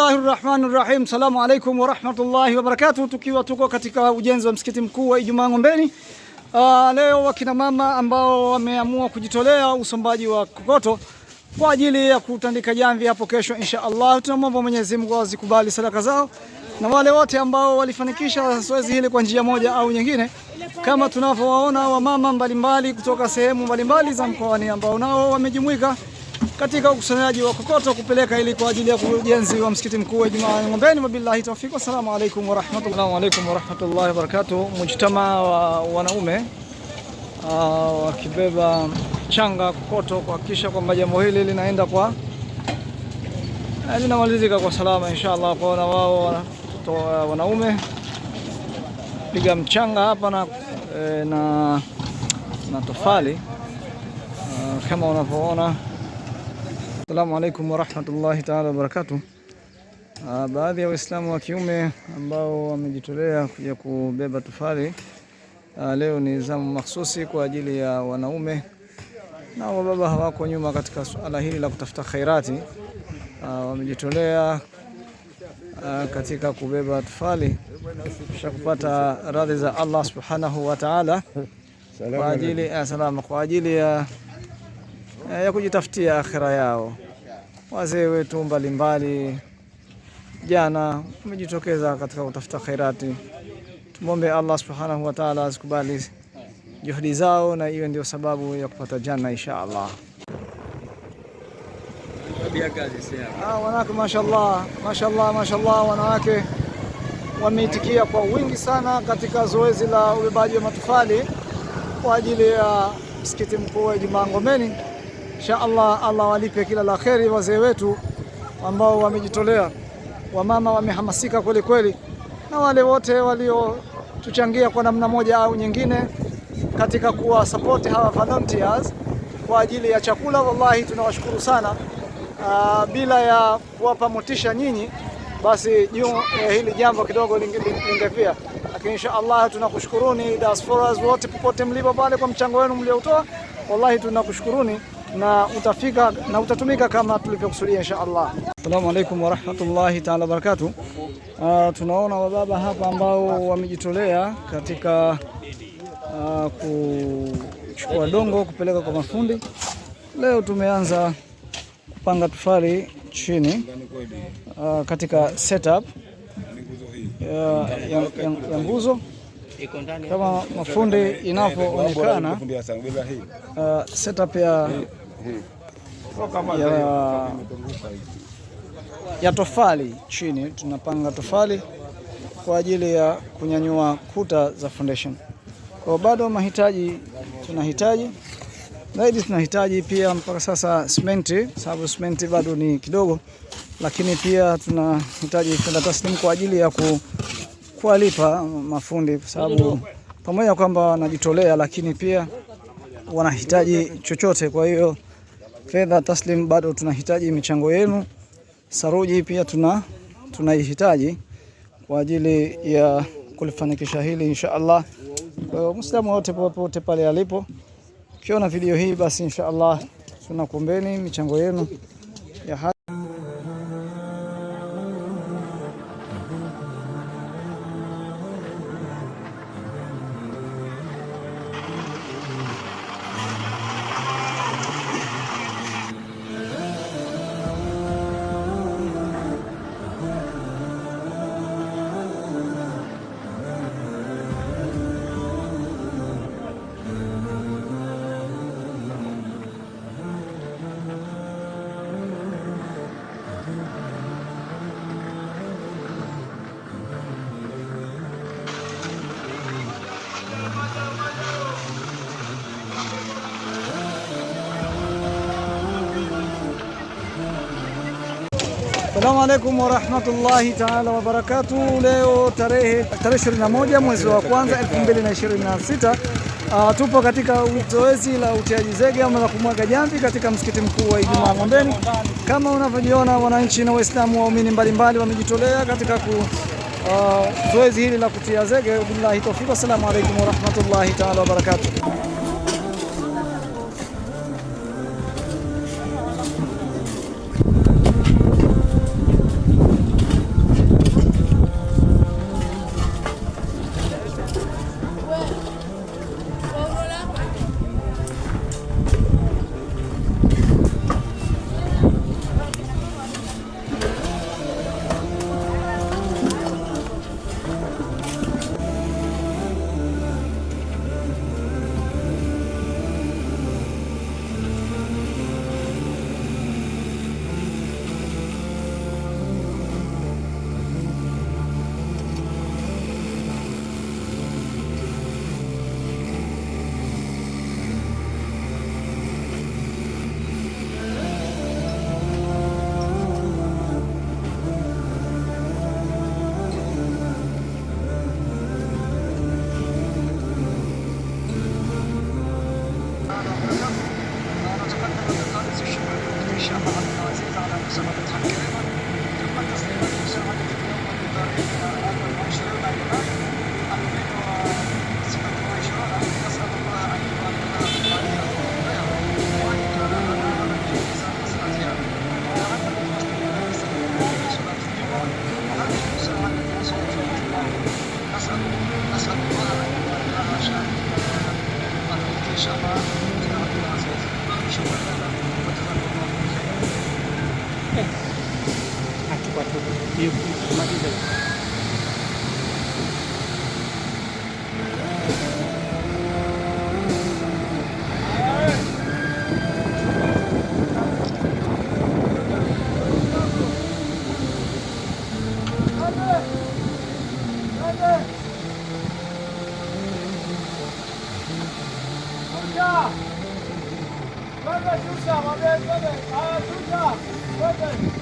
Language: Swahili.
Bismillahir Rahmanir Rahim. Salamu alaikum wa rahmatullahi wa Tukiwa tuko katika ujenzi wa msikiti mkuu wa Ijumaa Ng'ombeni. Uh, leo wakina mama ambao wameamua kujitolea usombaji wa kokoto kwa ajili ya kutandika jamvi hapo kesho insha Allah. Tunamwomba Mwenyezi Mungu azikubali sadaka zao na wale wote ambao walifanikisha zoezi hili kwa njia moja au nyingine, kama tunavyowaona wamama mbalimbali kutoka sehemu mbalimbali za mkoani ambao nao wamejumuika katika ukusanyaji wa kokoto kupeleka ili kwa ajili ya ujenzi wa msikiti mkuu wa Ijumaa Ng'ombeni. Wabillahi tawfik, wassalamu alaikum warahmatullahi wabarakatuh. Mujtamaa wa wanaume ah, wakibeba changa kokoto kuhakikisha kwamba jambo hili linaenda kwa eh, linamalizika kwa salama inshallah. Kwa na wao wanaume piga mchanga hapa na, eh, na, na tofali uh, kama unavyoona Assalamu alaikum warahmatullahi taala wabarakatu. Ah, baadhi ya Waislamu wa kiume ambao wamejitolea kuja kubeba tufali ah, leo ni zamu makhususi kwa ajili ya wanaume, na wababa hawako nyuma katika suala hili la kutafuta khairati. Ah, wamejitolea katika kubeba tufali kisha kupata radhi za Allah subhanahu wa taala kwa ajili ya salama, kwa ajili ya Eh, ya kujitafutia akhira yao. Wazee wetu mbalimbali jana wamejitokeza katika kutafuta khairati. Tumwombe Allah subhanahu wa ta'ala azikubali juhudi zao na hiyo ndio sababu ya kupata janna insha Allah. Ah, wanawake mashallah, mashallah, mashallah, wanawake wameitikia kwa wingi sana katika zoezi la ubebaji wa matofali kwa ajili ya msikiti mkuu wa Ijumaa Ngomeni. Insha Allah, Allah walipe kila la kheri wazee wetu ambao wamejitolea, wamama wamehamasika kweli kweli, na wale wote waliotuchangia kwa namna moja au nyingine katika kuwa support hawa volunteers kwa ajili ya chakula. Wallahi tunawashukuru sana. Uh, bila ya kuwapa motisha nyinyi basi juu eh, hili jambo kidogo lingepia, lakini insha Allah tunakushukuruni diasporas wote popote mlipo pale kwa mchango wenu mlioutoa, wallahi tunakushukuruni na utafika na utatumika kama tulivyokusudia insha Allah. Assalamu wa warahmatullahi taala wabarakatuh. Uh, ah, tunaona wababa hapa ambao wamejitolea katika uh, kuchukua dongo kupeleka kwa mafundi. Leo tumeanza kupanga tufali chini uh, katika setup ya, ya nguzo kama mafundi inavyoonekana, uh, setup ya ya, ya tofali chini. Tunapanga tofali kwa ajili ya kunyanyua kuta za foundation. Kwa bado mahitaji tunahitaji zaidi, tunahitaji pia mpaka sasa simenti, sababu simenti bado ni kidogo, lakini pia tunahitaji fedha taslimu kwa ajili ya ku, kuwalipa mafundi kwa sababu pamoja kwamba wanajitolea, lakini pia wanahitaji chochote, kwa hiyo Fedha taslim bado tunahitaji michango yenu. Saruji pia tuna tunaihitaji kwa ajili ya kulifanikisha hili insha Allah. Kwa hiyo Muislamu wote popote pale alipo, ukiona video hii basi insha Allah tunakuombeni michango yenu ya Assalamu alaikum warahmatullahi taala wabarakatuh. Leo tarehe 21 mwezi wa kwanza 2026, uh, tupo katika zoezi la utiaji zege ama la kumwaga jamvi katika msikiti mkuu wa Ijumaa Ng'ombeni. Kama unavyojiona, wananchi na Waislamu waumini mbalimbali wamejitolea katika ku uh, zoezi hili la kutia zege. Billahi tawfiq. Assalamu alaikum warahmatullahi taala wabarakatuh. Bulmak üzere. Perfect, Utah, my man, perfect. Ah, Utah, perfect.